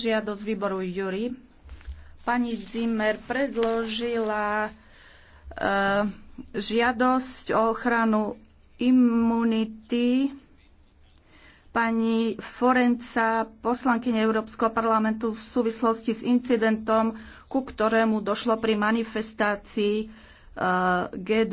žiadosť výboru Jury. Pani Zimmer predložila e, žiadosť o ochranu imunity pani Forenca, poslankyne Európskeho parlamentu v súvislosti s incidentom, ku ktorému došlo pri manifestácii e, G20.